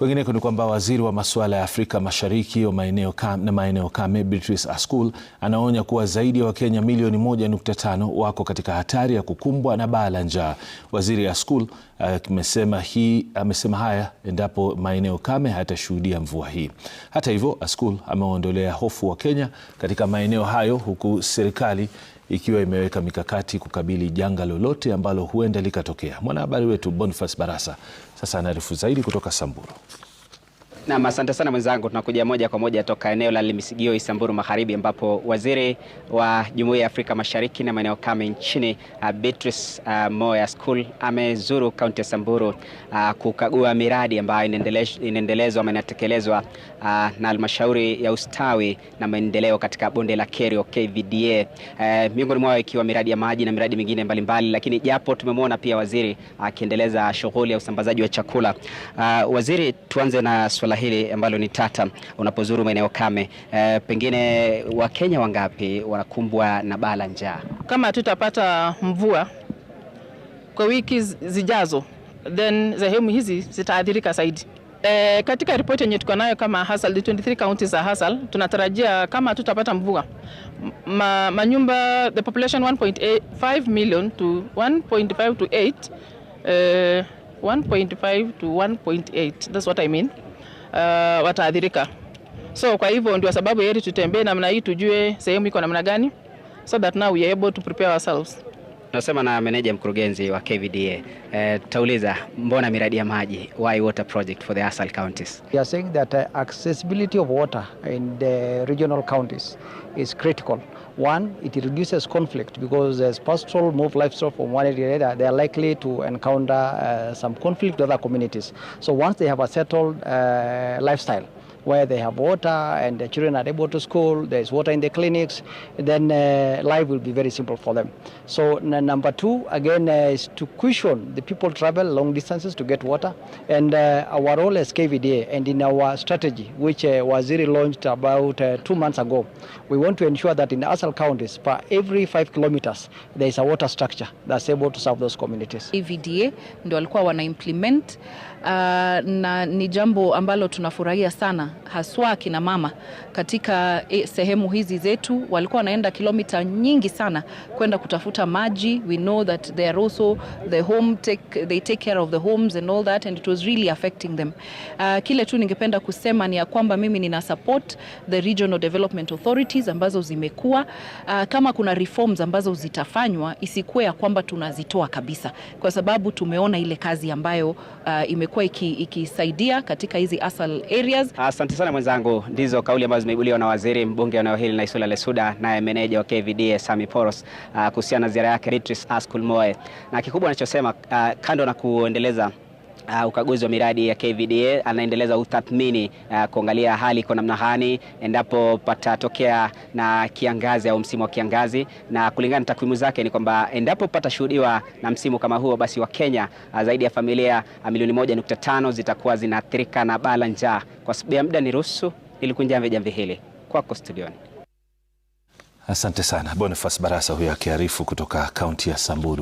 Kwengineko ni kwamba waziri wa masuala ya Afrika Mashariki na maeneo kame Beatrice Askul anaonya kuwa zaidi ya wa Wakenya milioni 1.5 wako katika hatari ya kukumbwa na baa la njaa. Waziri Askul eh, amesema hii amesema haya endapo maeneo kame hayatashuhudia mvua hii. Hata hivyo, Askul ameondolea hofu wa kenya katika maeneo hayo huku serikali ikiwa imeweka mikakati kukabili janga lolote ambalo huenda likatokea. Mwanahabari wetu Boniface Barasa sasa anaarifu zaidi kutoka Samburu. Naam, asante sana mwenzangu. Tunakuja moja kwa moja toka eneo la Limisigio, Isamburu Magharibi, ambapo waziri wa Jumuiya ya Afrika Mashariki na maeneo kame nchini uh, Beatrice uh, Moya School amezuru kaunti ya Samburu uh, kukagua miradi ambayo inaendelezwa ama inatekelezwa uh, na halmashauri ya ustawi na maendeleo katika bonde la Kerio KVDA, uh, eh, miongoni mwao ikiwa miradi ya maji na miradi mingine mbalimbali mbali. Lakini japo tumemwona pia waziri akiendeleza uh, shughuli ya usambazaji wa chakula uh, waziri, tuanze na swala swala hili ambalo ni tata unapozuru maeneo kame e, pengine Wakenya wangapi wanakumbwa na baa la njaa? Kama tutapata mvua kwa wiki zijazo, then sehemu hizi zitaathirika zaidi. E, katika ripoti yenye tuko nayo kama Hasal, 23 counties za Hasal tunatarajia kama tutapata mvua ma, manyumba the population 1.5 million to 1.5 to 8 e, 1.5 to 1.8 that's what I mean uh, wataathirika. So kwa hivyo ndio sababu heri tutembee namna hii, tujue sehemu iko namna gani, so that now we are able to prepare ourselves. Tunasema na meneja mkurugenzi wa KVDA. Uh, eh, tauliza mbona miradi ya maji, why water project for the Asal counties? We are saying that uh, accessibility of water in the regional counties is critical. One, it reduces conflict because as pastoral move livestock from one area to another, they are likely to encounter uh, some conflict with other communities. So once they have a settled uh, lifestyle, where they have water and the children are able to school, there is water in the clinics, then uh, life will be very simple for them. So number two, again, uh, is to cushion the people travel long distances to get water. And uh, our role as KVDA and in our strategy, which uh, Waziri launched about uh, two months ago, we want to ensure that in Asal counties, for every five kilometers, there is a water structure that's able to serve those communities. KVDA ndo walikuwa wana implement uh, na ni jambo ambalo tunafurahia sana haswa kina mama katika eh, sehemu hizi zetu walikuwa wanaenda kilomita nyingi sana kwenda kutafuta maji. We know that they are also the home take, they take care of the homes and all that and it was really affecting them. Uh, kile tu ningependa kusema ni ya kwamba mimi nina support the regional development authorities ambazo zimekuwa uh, kama kuna reforms ambazo zitafanywa isikuwe ya kwamba tunazitoa kabisa, kwa sababu tumeona ile kazi ambayo uh, imekuwa ikisaidia iki katika hizi asal areas. Asal Asante sana mwenzangu, ndizo kauli ambazo zimeibuliwa na waziri mbunge wa eneo hili na Isula Lesuda, naye meneja wa KVDA Sami Poros ah, kuhusiana na ziara yake Beatrice Askul Moe, na kikubwa anachosema uh, kando na kuendeleza Uh, ukaguzi wa miradi ya KVDA anaendeleza utathmini uh, kuangalia hali iko namna gani endapo patatokea na kiangazi au msimu wa kiangazi, na kulingana na takwimu zake ni kwamba endapo patashuhudiwa na msimu kama huo, basi Kenya uh, zaidi ya familia uh, milioni moja nukta tano zitakuwa zinaathirika na bala njaa. Kwa sababu ya muda, ni ruhusu ili kunjamvi jamvi hili kwako studioni. Asante sana Boniface Barasa huyo akiarifu kutoka kaunti ya Samburu.